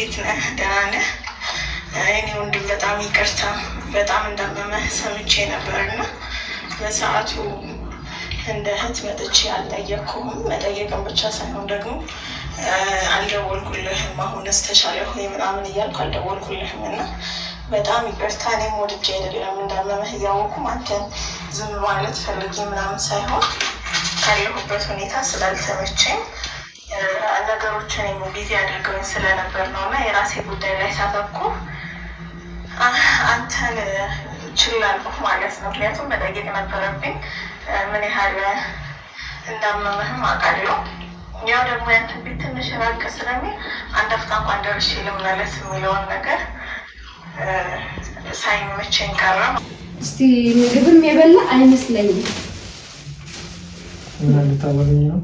እንዴት ነህ? ደህና ነህ? እኔ ወንድም በጣም ይቅርታ፣ በጣም እንዳመመህ ሰምቼ ነበርና በሰዓቱ እንደ እህት መጥቼ አልጠየቅኩህም። መጠየቅም ብቻ ሳይሆን ደግሞ አልደወልኩልህም። አሁን ስተሻለ ሆይ ምናምን እያልኩ አልደወልኩልህም እና በጣም ይቅርታ። እኔም ወድጄ አይደለም እንዳመመህ እያወኩም አንተን ዝም ማለት ፈልጌ ምናምን ሳይሆን ካለሁበት ሁኔታ ስላልተመቸኝ ነገሮችን ቢዚ አድርገውኝ ስለነበር ነው እና የራሴ ጉዳይ ላይ ሳተኩ አንተን ችላለሁ ማለት ነው። ምክንያቱም መጠየቅ ነበረብኝ ምን ያህል እንዳመመህም አውቃለሁ። ያው ደግሞ ያንተን ቤት ትንሽ ራቅ ስለሚል አንድ አፍታ እንኳን ደርሼ ልመለስ የሚለውን ነገር ሳይመቸኝ ቀረ። እስቲ ምግብም የበላ አይመስለኝም። ምን ነው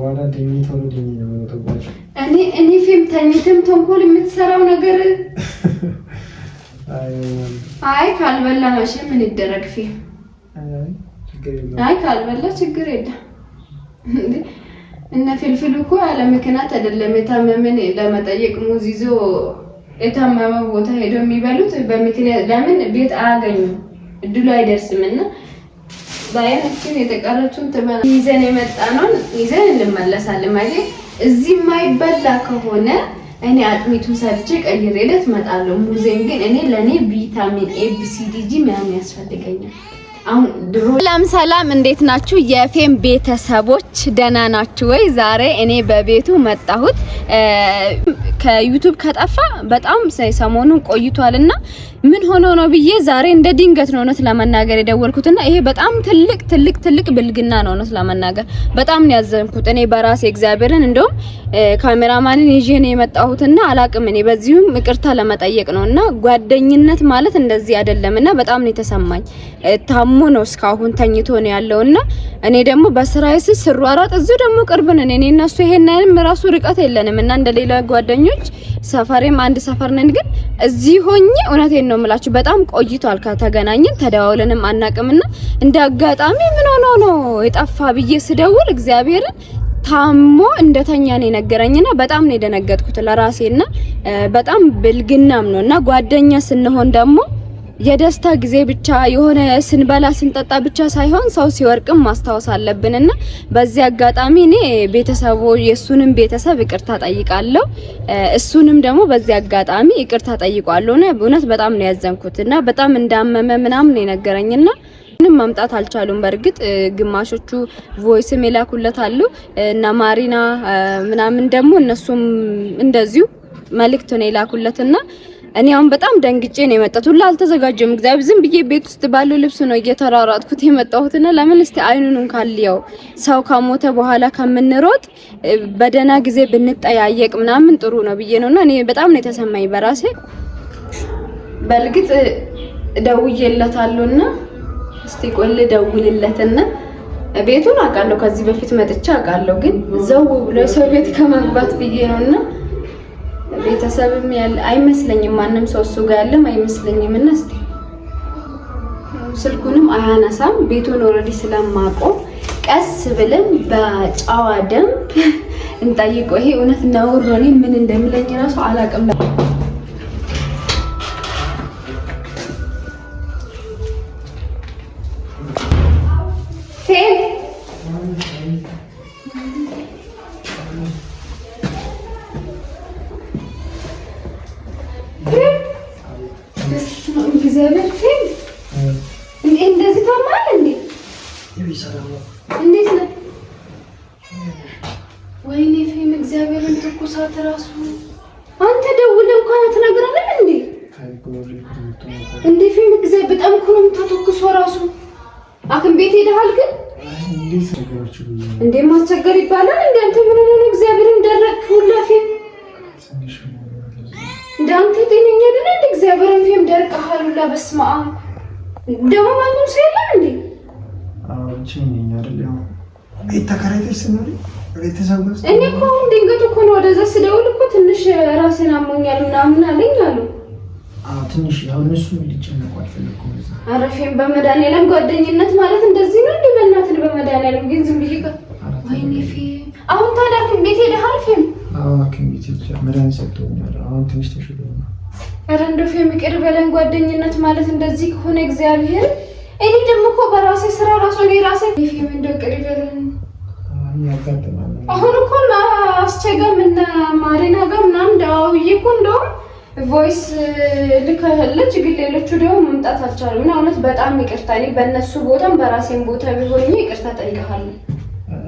ዋላ ደሜ ቶሎ ነው የምወጣባቸው። እኔ እኔ ፊልም ተኝተም ተንኮል የምትሰራው ነገር አይ ካልበላ መቼ ምን ይደረግ ፊልም አይ ካልበላ ችግር የለም። እነ ፍልፍሉ እኮ ያለ ምክንያት አይደለም የታመመን ለመጠየቅ ሙዝ ይዞ የታመመ ቦታ ሄደው የሚበሉት በምክንያት ለምን ቤት አያገኙም እድሉ አይደርስምና በአይናችን የተቀረችውን ትበላ ይዘን የመጣነውን ይዘን እንመለሳለን። ማለት እዚህ የማይበላ ከሆነ እኔ አጥሚቱን ሰርቼ ቀይሬለት እመጣለሁ። ሙዜን ግን እኔ ለእኔ ቪታሚን ኤ፣ ቢ፣ ሲ፣ ዲ፣ ጂ ምናምን ያስፈልገኛል። ሰላም ሰላም፣ እንዴት ናችሁ የፌም ቤተሰቦች? ደህና ናችሁ ወይ? ዛሬ እኔ በቤቱ መጣሁት። ከዩቱብ ከጠፋ በጣም ሰሞኑን ቆይቷልና ምን ሆኖ ነው ብዬ ዛሬ እንደ ድንገት ነው እውነት ለመናገር የደወልኩትና ይሄ በጣም ትልቅ ትልቅ ትልቅ ብልግና ነው እውነት ለመናገር በጣም ነው ያዘንኩት እኔ በራሴ እግዚአብሔርን እንደውም ካሜራማንን ይዤ ነው የመጣሁትና አላቅም እኔ በዚሁም ይቅርታ ለመጠየቅ ነውና ጓደኝነት ማለት እንደዚህ አይደለምና በጣም ነው የተሰማኝ ታሞ ነው እስካሁን ተኝቶ ነው ያለውና እኔ ደግሞ በስራዬ አራጥ እዚሁ ደግሞ ቅርብ ነን እኔ እና እሱ ይሄንንም ራሱ ርቀት የለንም እና እንደሌላ ጓደኞች ሰፈሬም አንድ ሰፈር ነን ግን እዚህ ሆኜ እውነቴን ነው ነው የምላችሁ። በጣም ቆይቷል ከተገናኘን ተደዋውለንም አናቅምና እንደ አጋጣሚ ምን ሆኖ ነው የጠፋ ብዬ ስደውል እግዚአብሔርን ታሞ እንደተኛ ነው የነገረኝና በጣም ነው የደነገጥኩት ለራሴና በጣም ብልግናም ነውና ጓደኛ ስንሆን ደግሞ የደስታ ጊዜ ብቻ የሆነ ስንበላ ስንጠጣ ብቻ ሳይሆን ሰው ሲወርቅም ማስታወስ አለብን እና በዚህ አጋጣሚ እኔ ቤተሰቡ የእሱንም ቤተሰብ ይቅርታ ጠይቃለሁ፣ እሱንም ደግሞ በዚህ አጋጣሚ ይቅርታ ጠይቋለሁ። እና በእውነት በጣም ነው ያዘንኩት እና በጣም እንዳመመ ምናምን የነገረኝና ምንም መምጣት አልቻሉም። በእርግጥ ግማሾቹ ቮይስም የላኩለት አሉ እና ማሪና ምናምን ደግሞ እነሱም እንደዚሁ መልእክት ነው የላኩለትና እኔ አሁን በጣም ደንግጬ ነው የመጣሁት። ሁላ አልተዘጋጀም። እግዚአብሔር ዝም ብዬ ቤት ውስጥ ባለው ልብስ ነው እየተራራጥኩት እና ለምን እስቲ አይኑን እንካልየው ሰው ከሞተ በኋላ ከምንሮጥ በደህና ጊዜ ብንጠያየቅ ምናምን ጥሩ ነው ብዬ ነውና እኔ በጣም ነው የተሰማኝ በራሴ። በእርግጥ ደውዬለታለሁና እስቲ ቆል ደውልለትና ቤቱን አውቃለሁ፣ ከዚህ በፊት መጥቼ አውቃለሁ። ግን ዘው ብሎ ሰው ቤት ከመግባት ብዬ ነውና ቤተሰብም ያለ አይመስለኝም። ማንም ሰው እሱ ጋር ያለም አይመስለኝም። እና እስኪ ስልኩንም አያነሳም። ቤቱን ኦልሬዲ ስለማውቀው ቀስ ብለን በጨዋ ደንብ እንጠይቀው። ይሄ እውነት ነውር ነው። እኔ ምን እንደሚለኝ ራሱ አላውቅም። እግዚአብሔር ፊል እንዴ እንደዚህ ታማል እንዴ እንዴት ነው? ወይኔ ፌም እግዚአብሔርን ትኩሳት ራሱ አንተ ደውለህ እንኳን አትነግረንም እንዴ? እንዴ ፊም እግዚአብሔር በጣም እኮ ነው የምታተኩሶ ራሱ አክም ቤት ሄደሃል ግን እንዴ ማስቸገር ይባላል እንዴ? አንተ ምን ሆነ እግዚአብሔርን ደረቅ ሁላ ፊም እንዳንተ እዚያ በረንፌም ደርቅ አሉላ በስመ አብ ደግሞ ማንም ሰው የለም እንዴ? እኔ እኮ አሁን ድንገት እኮ ነው ወደዛ ስደውል እኮ ትንሽ ራሴን አሞኛል ምናምን አለኝ አሉ። ትንሽ ያው እነሱ ሊጨነቁ አልፈለኩም። ኧረ በመድኃኒዓለም ጓደኝነት ማለት እንደዚህ ነው እንዴ? በእናትህ በመድኃኒዓለም ግን ዝም ብዬ ወይኔ ፌም አሁን ታዲያ ሐኪም ቤት ሄደሃል ፌም? ሐኪም ቤት ሄጃለሁ። መድኃኒት ሰጥቶኛል። አሁን ትንሽ ተሽሎኛል። ኧረ እንደው የሚቅር በለን ጓደኝነት ማለት እንደዚህ ከሆነ እግዚአብሔር እኔ ደግሞ እኮ በራሴ ስራ ራሱ እኔ ራሴ ፌም እንደው ቅር በለን አሁን እኮ አስቸጋም እና ማሪና ጋር ምናምን ደዋውዬ እኮ እንደውም ቮይስ ልከለች፣ ግን ሌሎቹ ደግሞ መምጣት አልቻሉም። እና እውነት በጣም ይቅርታ እኔ በእነሱ ቦታም በራሴም ቦታ ቢሆን ይቅርታ ጠይቀሃለሁ።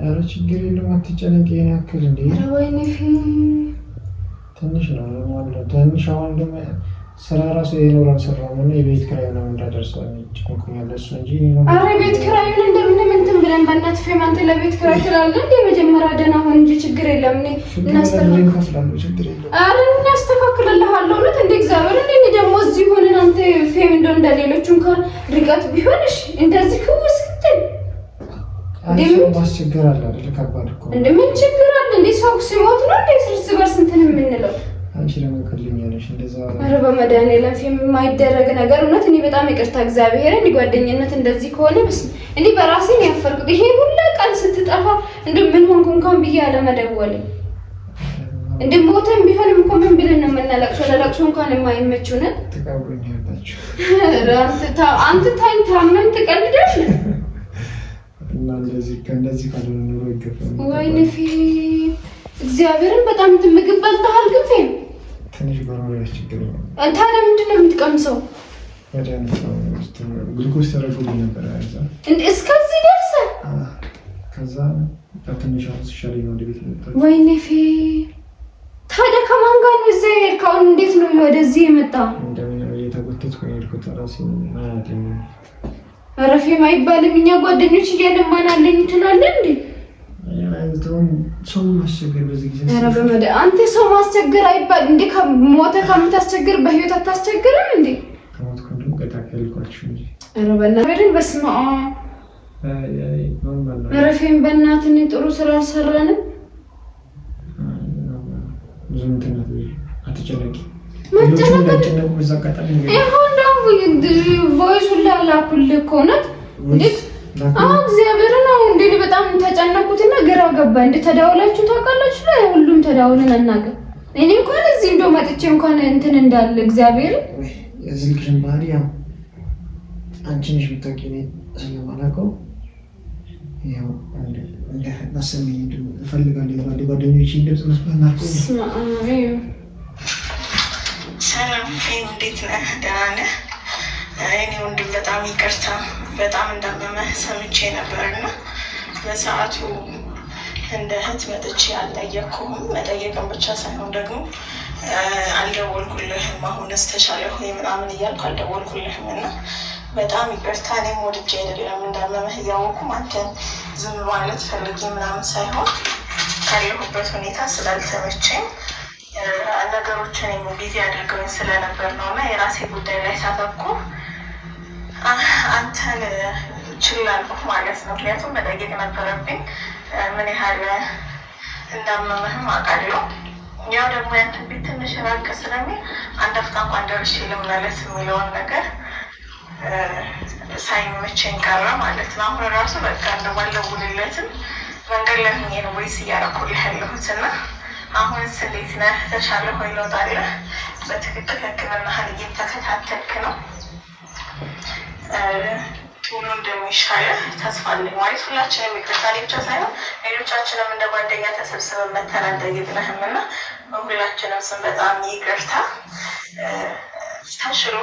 ኧረ ችግር የለም አትጨነቅ። ያክል እንዴ ወይኔ ትንሽ ነው ማለት ትንሽ አሁን ደግሞ ስራ ራሱ የኖር አልሰራም እና የቤት ክራይ ነው እንዳደርሰው ጭቁንቁኛለ እሱ እንጂ አረ ቤት ኪራዩን እንደምንም እንትን ብለን በእናት ፌማንት አንተ ለቤት ክራይ ትላለህ እንደ መጀመሪያ ደህና ሆን እንጂ ችግር የለም እኔ እናስተካክላለሁ ችግር የለም አረ እናስተካክልልሃለሁ እውነት እንደ እግዚአብሔር እንደ እኔ ደግሞ እዚህ ሆነን አንተ ፌም እንደው እንደሌሎቹ እንኳን ርቀት ቢሆንሽ እንደዚህ ክውስክትል እንደምን ማስቸገር አለ አይደል ከባድ እኮ እንደምን ችግር እንዴ ሰው ሲሞት ነው እንዴ እርስ በርስ እንትን የምንለው? አንቺ ለምን ከልኛለሽ? እንደዛ ኧረ በመድኃኒዓለም የማይደረግ ነገር እውነት። እኔ በጣም ይቅርታ እግዚአብሔር እንዲ ጓደኝነት እንደዚህ ከሆነ ብስ እንዲ በራሴ ነው ያፈርኩት። ይሄ ሁላ ቀን ስትጠፋ እንዲ ምን ሆንኩ እንኳን ብዬ አለመደወል እንዲ ሞተን ቢሆንም እኮ ምን ብለን ነው የምናለቅሰው? ለለቅሶ እንኳን የማይመቹ ነን። አንተ ታምን ትቀልዳለህ እና እንደዚህ ከእንደዚህ ካልሆነ ኑሮ ይገፋል። ወይኔ ፊልም እግዚአብሔርን በጣም ምግብ በልተሃል። ግን ፊልም ትንሽ ጎሮሮ ያስቸግረኝ። ታዲያ ምንድን ነው የምትቀምሰው? ግሉኮስ ተደርጎልኝ ነበር። ያዛ እስከዚህ ደርሰ ከዛ ትንሽ አሁን ሲሻል ነው ወደ ቤት የመጣሁት። ወይኔ ፊልም ታዲያ ከማን ጋር ነው እዛ የሄድከው? እንዴት ነው ወደዚህ የመጣው? እንደምን እየተጎተትኩ ነው የሄድኩት። ራሴን አያውቅም ረፌም አይባልም። እኛ ጓደኞች እያለን ማን አለኝ ትላለህ እንዴ? ሰው ማስቸገር በዚህ ጊዜ አንተ ሰው ማስቸገር አይባል እንዴ? ሞተ ከምታስቸግር በህይወት አታስቸግርም እንዴ? በስመ አብ ረፌም፣ በእናትን ጥሩ ስራ አልሰራንም። ብዙ አትጨነቂ ቮይስ ሁላ ላኩልህ እኮ እውነት እግዚአብሔርን ነው እንዴ! በጣም ተጨነኩትና ግራ ገባ። እንደ ተዳውላችሁ ታውቃላችሁ ላይ ሁሉም ተዳውልን አናውቅም። እኔ እንኳን እዚህ እንደው መጥቼ እንኳን እንትን እንዳለ እግዚአብሔር የስልክሽን ባህሪ ያው አንቺ ነሽ የምታውቂው እኔ ስለማላውቀው ያው እንዳሰሚኝ እፈልጋለሁ። ባለ ጓደኞች ድምጽ መስማት ናቸው። ሰላም፣ እንዴት ነህ? ደህና ነህ? እኔ ወንድም በጣም ይቅርታ፣ በጣም እንዳመመ ሰምቼ እና በሰዓቱ እንደ እህት መጥቼ አልጠየቅኩም። መጠየቅም ብቻ ሳይሆን ደግሞ አልደወልኩልህም። አሁን ስተቻለሁ ምናምን እያልኩ አልደወልኩልህም እና በጣም ይቅርታ። እኔም ወድጄ አይደለም እንዳመመህ እያወኩም አንተን ዝም ማለት ፈልጌ ምናምን ሳይሆን ካለሁበት ሁኔታ ስላልተመቸኝ ነገሮችን ጊዜ አድርገውኝ ስለነበር ነው እና የራሴ ጉዳይ ላይ ሳተኩር አንተን ችላለሁ ማለት ነው። ምክንያቱም መጠየቅ ነበረብኝ ምን ያህል እንዳመመህም አውቃለሁ። ያው ደግሞ ያንተን ቤት ትንሽ ራቅ ስለሚል አንድ አፍታ እንኳን ደርሼ ልመለስ የሚለውን ነገር ሳይመቸኝ ቀረ ማለት ነው። አሁን ራሱ በቃ ባለውልለትም መንገድ ላይ ነው ወይስ እያደረኩልህ ያለሁት እና አሁንስ እንዴት ነህ? ተሻለ ሆይ ለውጣለ በትክክል ሕክምናህን እየተከታተልክ ነው? ቶሎ እንደሚሻለ ተስፋ አለኝ። ማለት ሁላችንም ይቅርታ ብቻ ሳይሆን ሌሎቻችንም እንደ ጓደኛ ተሰብስበን መተን አደግ ብለህም እና በሁላችንም ስም በጣም ይቅርታ። ተሽሎ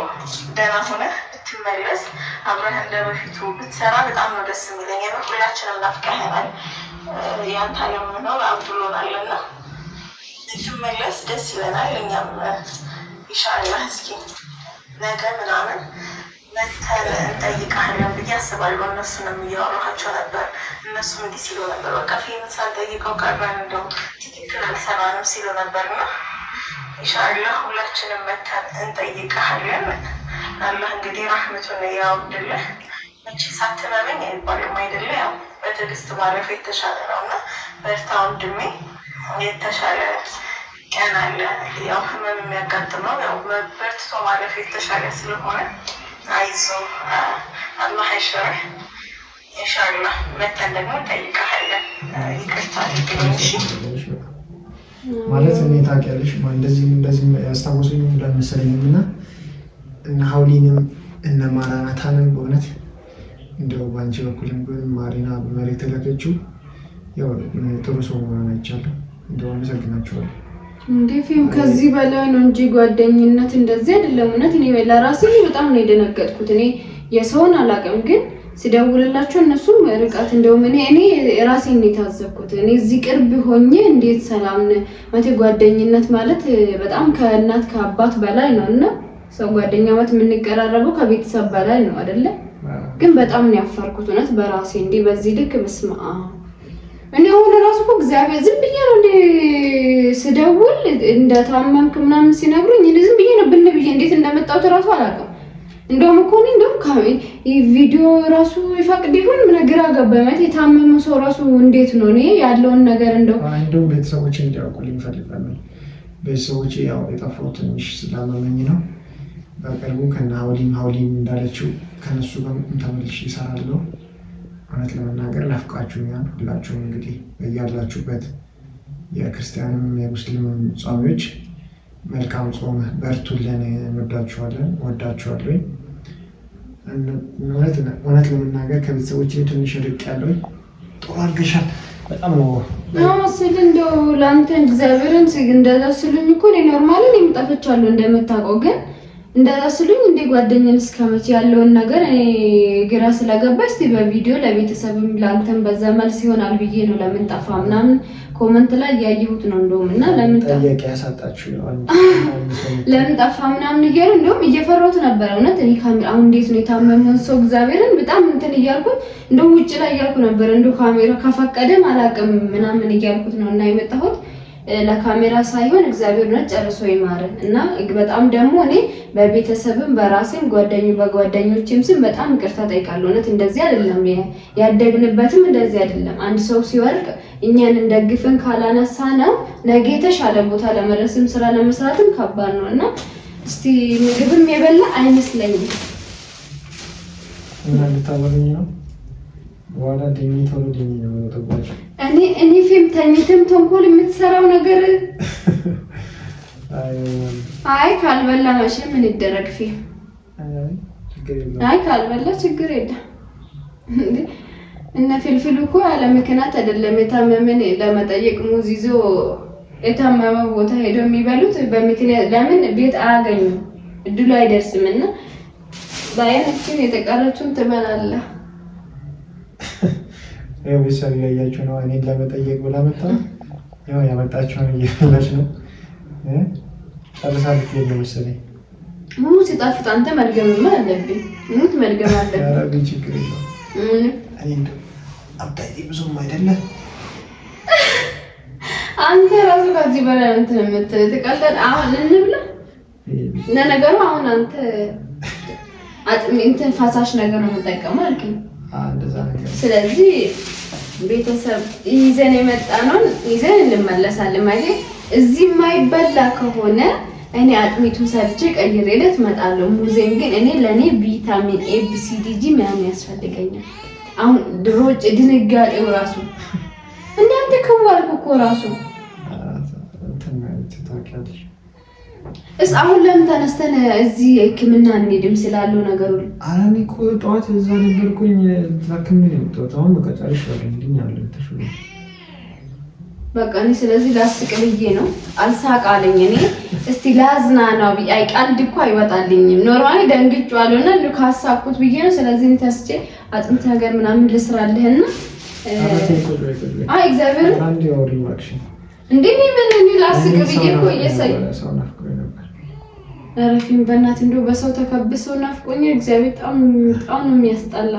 ደህና ሆነህ ብትመለስ አብረህ እንደ በፊቱ ብትሰራ በጣም ነው ደስ የሚለኝ። የምር ሁላችንም ናፍቀህናል። ያንተ አለም ነው አብዱሎናል እና ብትመለስ ደስ ይለናል። እኛም ይሻላል። እስኪ ነገ ምናምን መተን እንጠይቃለን ብዬ አስባለሁ። እነሱ ነው እያወራኋቸው ነበር። እነሱ እንዲህ ሲሉ ነበር፣ በቃ ፌመስ አልጠይቀው ቀረን እንደው ቲኬትን አልሰራንም ሲሉ ነበር። እና ኢንሻላህ ሁላችንም መተር እንጠይቃለን። አላህ እንግዲህ ራህመቱን ያውድልህ። መቼ ሳትመመኝ አይባልም አይደለ? ያው በትዕግስት ማረፍ የተሻለ ነው እና በርታ ወንድሜ፣ የተሻለ ቀን አለ። ያው ህመም የሚያጋጥመው ያው በርትቶ ማለፍ የተሻለ ስለሆነ አይዞህ አላህ አይሽርህ። ኢንሻአላህ መተን ደግሞ ይቅርታ ማለት እኔ ታውቂያለሽ እንደዚህ እንደዚህ ያስታወሱኝ እንዳልመሰለኝም እና እነ ሀውሊንም እነ ማራናታንም በእውነት እንደው በአንቺ በኩልም ቢሆን ማሪና በመሬት ተለቀችው ያው ጥሩ ሰው መሆን አይቻልም። እንደው አመሰግናችኋለሁ። እንዴም ከዚህ በላይ ነው እንጂ ጓደኝነት እንደዚህ አይደለም። እውነት እኔ ለራሴ በጣም ነው የደነገጥኩት። እኔ የሰውን አላውቅም፣ ግን ስደውልላቸው እነሱም ርቀት እንደውም እኔ እኔ ራሴ ነው የታዘብኩት። እኔ እዚህ ቅርብ ሆኜ እንዴት ሰላም መቴ ጓደኝነት ማለት በጣም ከእናት ከአባት በላይ ነው እና ሰው ጓደኛ ማለት የምንቀራረበው ከቤተሰብ በላይ ነው አይደለ? ግን በጣም ነው ያፈርኩት እውነት በራሴ እንዲህ በዚህ ልክ ምስማ እኔ አሁን ራሱ እኮ እግዚአብሔር ዝም ብዬ ነው እንደ ስደውል እንደታመምክ ምናምን ሲነግሩኝ እኔ ዝም ብዬ ነው ብን ብዬ እንዴት እንደመጣሁት እራሱ አላውቅም። እንደውም እኮ እኔ እንደውም ቪዲዮ ራሱ ይፈቅድ ይሁን ምን ግራ ገባኝ። ማለት የታመመ ሰው ራሱ እንዴት ነው እኔ ያለውን ነገር እንደው እንደው ቤተሰቦች እንዲያውቁልኝ እፈልጋለሁ። ቤተሰቦች ያው የጠፋው ትንሽ ስላመመኝ ነው። በቅርቡ ከነ ሀውሊም ሀውሊም እንዳለችው ከነሱ ጋር ተመልሼ እሰራለሁ። እውነት ለመናገር ናፍቃችሁኛል። ሁላችሁም እንግዲህ በያላችሁበት የክርስቲያንም የሙስሊምም ጾሚዎች መልካም ጾም በርቱልን። ወዳችኋለን፣ ወዳችኋለኝ። እውነት ለመናገር ከቤተሰቦች ትንሽ ርቅ ያለኝ ጥሩ አድርገሻል። በጣም ስል እንደው ለአንተ እግዚአብሔርን ስግ እንደዛ ስልኝ እኮ ኖርማልን የምጠፈቻለሁ እንደምታውቀው ግን እንደዛ ስሉኝ እንደ ጓደኛን እስከመቼ ያለውን ነገር ግራ ስለገባ እስቲ በቪዲዮ ለቤተሰብም ለአንተም በዛ መልስ ይሆናል ብዬ ነው። ለምን ጠፋ ምናምን ኮመንት ላይ እያየሁት ነው እንደውም እና ለምን ጠፋ ምናምን እያሉ እንደውም እየፈራሁት ነበረ። እውነት እኔ ካሜራ አሁን እንዴት ነው የታመመን ሰው እግዚአብሔርን በጣም እንትን እያልኩት እንደውም ውጭ ላይ እያልኩ ነበር እንደው ካሜራ ከፈቀደም አላውቅም ምናምን እያልኩት ነው እና የመጣሁት ለካሜራ ሳይሆን እግዚአብሔር ነው ጨርሶ ይማረን እና በጣም ደግሞ እኔ በቤተሰብም በራሴም ጓደኞ በጓደኞችም ስም በጣም ይቅርታ ጠይቃለሁ። እውነት እንደዚህ አይደለም፣ ያደግንበትም እንደዚህ አይደለም። አንድ ሰው ሲወርቅ እኛን እንደግፍን ካላነሳ ነው ነገ የተሻለ ቦታ ለመድረስም ስራ ለመስራትም ከባድ ነው እና እስቲ ምግብም የበላ አይመስለኝም እና ልታወሩኝ ነው በኋላ ደኝ ቶሎ ደኝ ነው እኔ እኔ ፊልም ተኝተም ተንኮል የምትሰራው ነገር አይ ካልበላ መቼ ምን ይደረግ ፊልም አይ ካልበላ ችግር የለም። እነ ፍልፍል እኮ ያለ ምክንያት አይደለም የታመምን ለመጠየቅ ሙዝ ይዞ የታመመ ቦታ ሄደው የሚበሉት በምክንያት ለምን ቤት አያገኙም፣ እድሉ አይደርስምና ባየን እችን የተቀረችውን ትበላለህ። ቤተሰብ እያያችሁ ነው። እኔን ለመጠየቅ ብላ መጣ። ያው ያመጣችውን እየፈለች ነው። ጨርሳ ልትሄድ ነው መሰለኝ። ሙሉ ሲጣፍጥ አንተ መድገምማ አለብኝ። ሙት መድገም አለብኝ። ችግር የለውም። አብታይ ብዙም አይደለ። አንተ ራሱ ከዚህ በላይ አንተ የምትል ትቀለድ። አሁን እንብላ። ለነገሩ አሁን አንተ አጥሚ እንትን ፈሳሽ ነገር ነው የምጠቀመው አልከኝ ስለዚህ ቤተሰብ ይዘን የመጣነውን ይዘን እንመለሳለን። ማለት እዚህ የማይበላ ከሆነ እኔ አጥሚቱ ሰርቼ ቀይሬለት እመጣለሁ። ሙዜም ግን እኔ ለእኔ ቪታሚን ኤ፣ ቢ፣ ሲ፣ ዲ፣ ጂ ምናምን ያስፈልገኛል። አሁን ድሮ ድንጋጤው ራሱ እናንተ ከዋልኩ እኮ ራሱ እስ አሁን ለምን ተነስተን እዚህ ህክምና እንሄድም ስላሉ ነገሩ ኧረ እኔ እኮ ጠዋት እዛ ነበርኩኝ ታክሜ ነው የመጣሁት። አሁን በቃ ጨርሻለሁ። እንድኛ አለ በቃ እኔ ስለዚህ ላስቅ ብዬ ነው አልሳቅ አለኝ። እኔ እስቲ ላዝና ነው ብዬ አይ ቀልድ እኮ አይወጣልኝም። ኖርማሊ ደንግጬዋለሁ እና ካሳቅኩት ብዬ ነው። ስለዚህ እኔ ተስቼ አጥንት ነገር ምናምን ልስራልህና አይ እግዚአብሔር እንዴ ምን ላስቅ ብዬ እኮ እየሰ ረፊም በእናት እንደው በሰው ተከብሰው ናፍቆኝ እግዚአብሔር በጣም በጣም ነው የሚያስጠላ።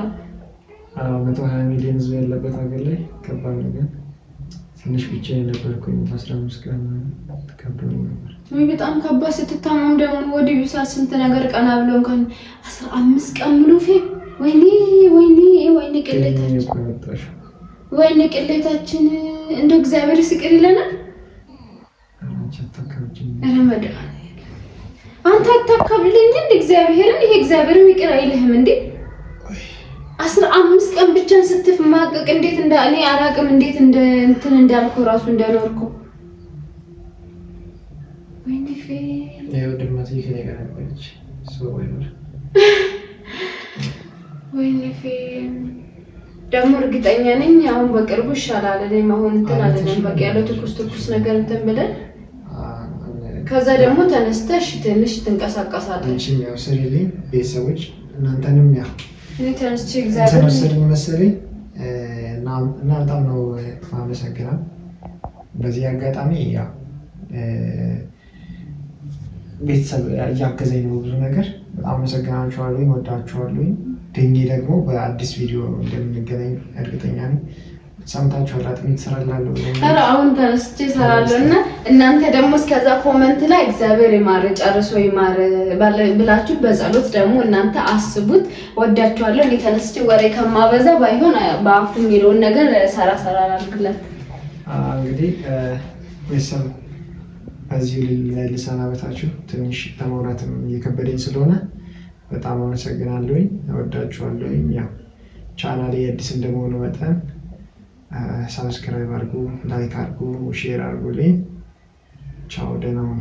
መቶ ሀያ ሚሊዮን ህዝብ ያለበት ሀገር ላይ ከባድ ነገር ትንሽ ብቻ የነበርኩኝ አስራ አምስት ቀን ከብዶ ነበር። በጣም ከባድ ስትታመም ደግሞ ወደ ቢሳ ስንት ነገር ቀና ብለው እንኳን አስራ አምስት ቀን ሙሉ ፌ ወይኔ ወይኔ ወይኔ ቅሌታችን ወይኔ ቅሌታችን እንደ እግዚአብሔር ስቅር ይለናል ረመዳን አታካብለኝ እንደ እግዚአብሔርን። ይሄ እግዚአብሔርን ይቅር አይልህም እንዴ? አስራ አምስት ቀን ብቻን ስትማቀቅ እንዴት እንደ እኔ አላቅም እንዴት እንደ እንትን እንዳልኩ ራሱ እንደኖርኩ ደግሞ እርግጠኛ ነኝ አሁን በቅርቡ ይሻላል። እኔ መሆን እንትን አለንም በቃ ያለ ትኩስ ትኩስ ነገር እንትን ብለን ከዛ ደግሞ ተነስተሽ ትንሽ ትንቀሳቀሳለሽ። ያው ስሪልኝ ቤተሰቦች እናንተንም ያው ተነስቼ እግዚአብሔር ይመስገን መሰለኝ እና በጣም ነው ማመሰግናል። በዚህ አጋጣሚ ያው ቤተሰብ እያገዘኝ ነው ብዙ ነገር በጣም አመሰግናችኋለሁ፣ ወዳችኋለሁ። ድኜ ደግሞ በአዲስ ቪዲዮ እንደምንገናኝ እርግጠኛ ነኝ። ሰምታችሁ አራት ምን ትሰራላለሁ? ኧረ አሁን ተነስቼ እሰራለሁ እና እናንተ ደግሞ እስከዛ ኮመንት ላይ እግዚአብሔር ይማር ጨርሶ ይማር ብላችሁ በጸሎት ደግሞ እናንተ አስቡት። ወዳችኋለሁ። እኔ ተነስቼ ወሬ ከማበዛ ባይሆን በአፉ የሚለውን ነገር ሰራ ሰራ አላልክለት። እንግዲህ ቤተሰብ በዚህ ላይ ልሰናበታችሁ። ትንሽ ለማውራትም እየከበደኝ ስለሆነ በጣም አመሰግናለሁኝ። ወዳችኋለሁኝ። ያው ቻናሌ አዲስ እንደመሆኑ መጠን ሰብስክራይብ አድርጉ፣ ላይክ አድርጉ፣ ሼር አድርጉልኝ። ቻው፣ ደህና ሁኑ።